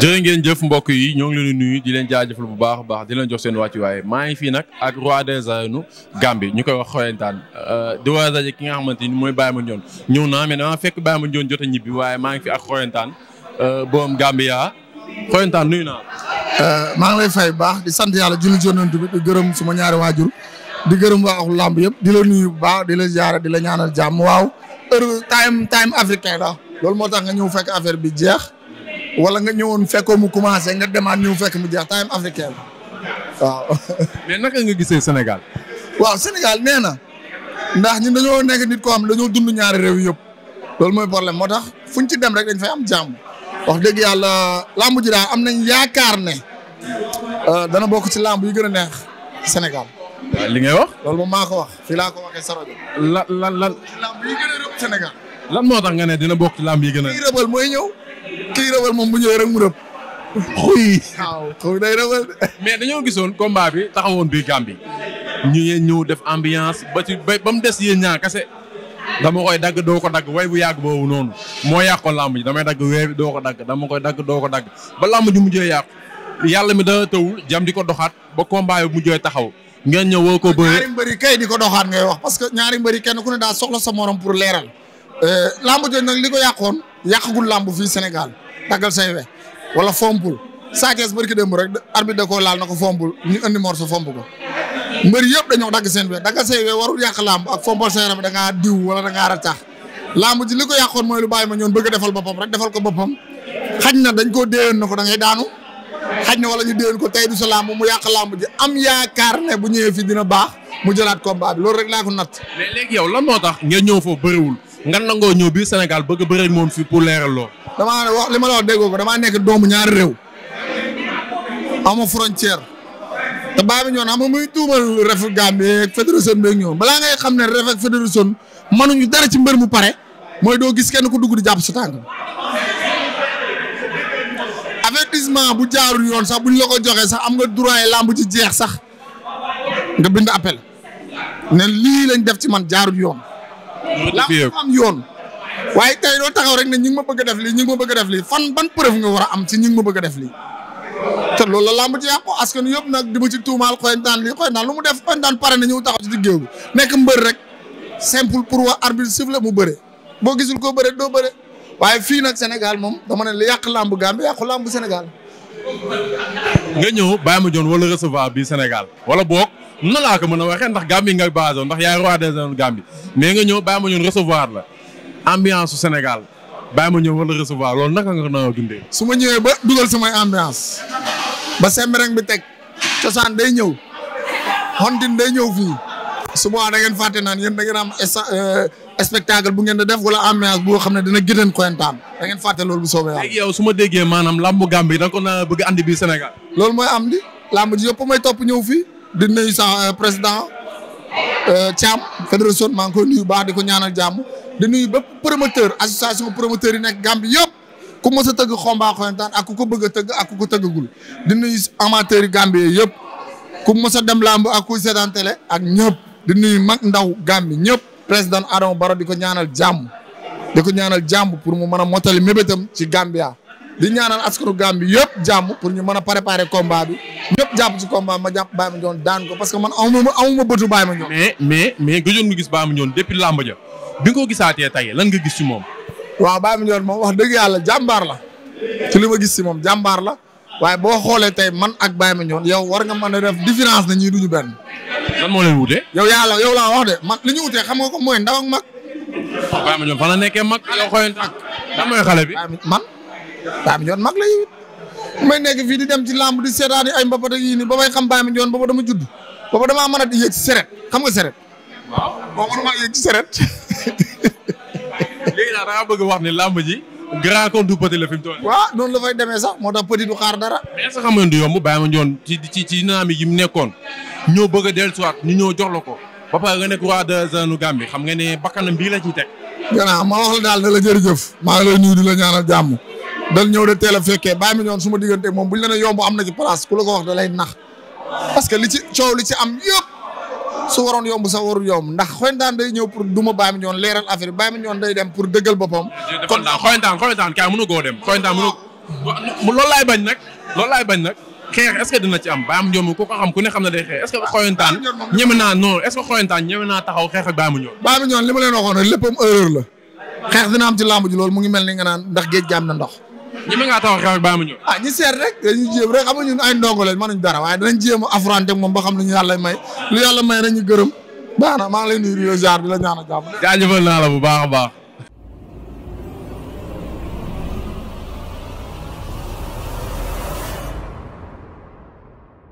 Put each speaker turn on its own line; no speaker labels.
jërë ngeen jëf mbokk yi ñoo ngi leen di nuyu di leen jaajëfal bu baax a baax di leen jox seen wàccuwaay maa ngi fii nag ak roi des arènes Gambie ñu koy wax xoyantaan euh, di war a daje ki nga xamante ni mooy Baye Mandione ñëw naa mais dama fekk Baye Mandione a ñibbi waaye maa ngi fi ak xoyantaan euh, boom Gambia xoyantaan nuyu naa
euh, maa ngi lay fay baax di sant yàlla julli jonantu bi di gërëm suma ñaari waajur di gërëm waa axlu làmb yëpp di la nuyu bu baax di la ziyaara di la ñaanal jàmm waaw heure time time africain la loolu moo tax nga ñëw fekk affaire bi jeex wala nga ñëwoon fekkoo mu commencé nga demaat ñu fekk mu jeex time africain waaw. mais naka nga gisee Sénégal. waaw Sénégal nee na ndax ñun dañoo nekk nit koo xam dañoo dund ñaari réew yëpp loolu mooy problème moo tax fuñ ci dem rek dañ fay am jàmm. wax dëgg yàlla làmb ji daal am nañ yaakaar ne euh, dana bokk ci làmb yi gën a neex Sénégal. li ngay wax. loolu maa ko wax fii laa ko waxee sa rajo. lan lan lan. làmb moo tax nga ne dina bokk ci làmb yi gën a. mooy ñëw. kii rëbal moom bu ñëwee rek mu rëb. xuy.
waaw day rëbal. mais dañoo gisoon combat bi taxawoon bi Gambie. ñu yéen ñëw def ambiance ba ci ba mu des yéen ñaa kase. dama koy dagg doo ko dagg way bu yàgg boobu noonu moo yàqoon làmb ji damay dagg wee bi doo ko dagg dama koy dagg doo ko dagg ba làmb ji mujjee yàqu yàlla mi da tëwul jam di ko doxaat ba combat bi mujjee taxaw ngeen ñëw woo ko bëree ñaari
mbëri kay di ko doxaat ngay wax parce que ñaari mbëri kenn ku ne daa soxla sa morom pour leeral euh, làmb jooju nag li ko yàqoon yàqagul làmb fii Sénégal daggal say we wala fompul Sa Thiès barki démb rek arbitre da ko laal na ko fompul ñu andi morso fomp ko mbër yëpp dañoo dagg seen we daggal say we warul yàq làmb ak fompal say rab da diw wala da ngaa ratax ji li ko yàqoon mooy lu bàyyi ma ñoon bëgg defal boppam rek defal ko boppam xaj na dañ koo déeyoon na ko da ngay daanu xaj na wala ñu déeyoon ko tey du sa làmb mu yàq làmb ji am yaakaar ne bu ñëwee fii dina baax mu jëlaat combat bi loolu rek laa ko natt. mais yow lan moo tax nga ñëw foofu bëriwul nga nangoo ñëw biir Sénégal bëgg a bëreeg moom fii pour leeral loo damaa li ma la wax ko damaa nekk doomu ñaari réew. ama frontière. te bàyyi bi ñoon xam nga muy tuumal ref Gambie ak balaa ngay xam ne ref ak fédération mënuñu dara ci mbër mu pare mooy doo gis kenn ku dugg di jàpp sa tànk. avertissement bu jaarul yoon sax bu la ko joxee sax am nga droit yi làmb ci jeex sax nga bind appel ne lii lañ def ci man jaarul yoon.
la am yoon
waaye tey doo taxaw rek na ñi ma bëgg def lii ñi ngi a def lii fan ban preuve nga war a am ci ñi ngi ma bëgg a def lii te loolu la làmb ci yàqu askan yëpp nag di ma ci tuumaal xoyantaan lii xoyantaan lu mu def xoyantaan pare na ñëw taxaw ci diggéew bi nekk mbër rek simple pour waa arbitre siffle mu bëre boo gisul koo bëre doo bëre waaye fii nag Sénégal moom dama ne li yàq làmb Gambie yàqu làmb Sénégal nga ñëw
bàyyi ma joon wala recevoir bi Sénégal wala boog na laa ko mën a waxee ndax Gambie nga basé ndax yaay roi des zones Gambie mais nga ñëw bàyyi ma ñëw recevoir la ambiance su Sénégal bàyyi ma ñëw wala
recevoir loolu naka nga naa dundee. su ma ñëwee ba dugal samay ambiance ba sembereng bi teg cosaan day ñëw xontin day ñëw fii souvent da ngeen fàtte naan yéen da ngeen am euh, spectacle bu ngeen def wala ambiance boo xam ne dina gëneen koyantaan da ngeen fàtte loolu bu soobee yàlla. léegi yow su ma déggee maanaam làmb Gambie da ko naa bëgg andi biir Sénégal. loolu mooy am di làmb ji topp ñëw fii. di nuyu sa euh, président euh, Thiam fédération maa ngi koy nuyu baax di ko ñaanal jàmm di nuyu bépp promoteur association promoteur yi nekk Gambie yëpp ku mos a tëgg Xomba Xoyantaan ak ku ko bëgg a tëgg ak ku ko tëggagul di nuyu amateurs yi Gambie yëpp ku mos a dem làmb ak kuy seetaan ak ñëpp di nuyu mag ndaw Gambie ñëpp président Adama Barrow di ko ñaanal jàmm di ko ñaanal jàmm pour mu mën a motali mébétam ci Gambia di ñaanal askanu Gambie yëpp jàmm pour ñu mën a préparer combat bi. ñëpp jàpp ci combat ma jàpp Baye Mandione daan ko parce que man amuma amuma bëtu Baye Mandione. mais mais mais gëjoon nga gis Baye Mandione depuis ja bi ko gisaatee tey lan nga gis ci moom. waaw Baye Mandione moom wax dëgg yàlla jàmbaar la li ma gis ci moom jàmbaar la waaye boo xoolee tey man ak Baye Mandione yow war nga mën a def différence na ñii duñu benn. lan moo leen wutee. yow yàlla yow laa wax de man li ñu wutee xam nga ko mooy ndaw ak mag. Baye Mandione fan la nekkee mag. yow xoolee ak. lan xale bi. man Baye Mandione mag la yow may nekk fii di dem ci làmb di seetaan ay mbapat ak yii nii ba may xam bàyyi ma joon booba dama judd booba damaa mën a yéeg seret xam nga seret. waaw boo mën seret. léegi daal da bëgg wax ne làmb ji. grand contre petit la fi mu toll waaw la fay demee sax moo tax petit du xaar dara. mais est-ce que xam nga du yomb bàyyi ma joon
ci ci ci dynamique yi mu nekkoon ñoo bëgg a ñu ñoo jox la ko ba pare nga nekk roi de zone Gambie xam nga ne bakkanam bii la ciy teg.
gannaaw ma la daal a la jërëjëf maa ngi lay nuyu di la ñaanal jàmm dal ñëw de teel a fekkee bàyyi ma ñoon su ma diggante moom buñ la ne yomb am na ci place ku la ko wax da lay nax parce li ci coow li ci am yëpp su waroon yomb sax warul yomb ndax xoyantaan day ñëw pour duma bàyyi ma ñoon leeral affaire bi bàyyi ma ñoon day dem pour dëggal boppam. kon xoyantaan xoyantaan kaay mënu koo dem xoyantaan mënu loolu laay bañ nag loolu laay bañ nag xeex est dina ci
am bàyyi ma ñoon ku ko xam ne xam ne day xeex naa taxaw xeex ak
bàyyi ma ñoon bàyyi ma ñoon li ma leen waxoon rek léppam erreur la xeex dina am ci làmb ji loolu mu ngi mel ni nga ndax géej gi na ndox ñi ma ngaa taxaw xew ak bàyyi ah, ñi seet rek dañuy jéem rek xam nga ñun ay ndongo lañ mënuñ dara waaye danañ jéem a affronté moom ba xam lu ñu yàlla may lu yàlla may rek ñu gërëm baax na maa ngi lay nuyu ziar bi la ñaan a jàmm jaajëfal naa la bu baax a baax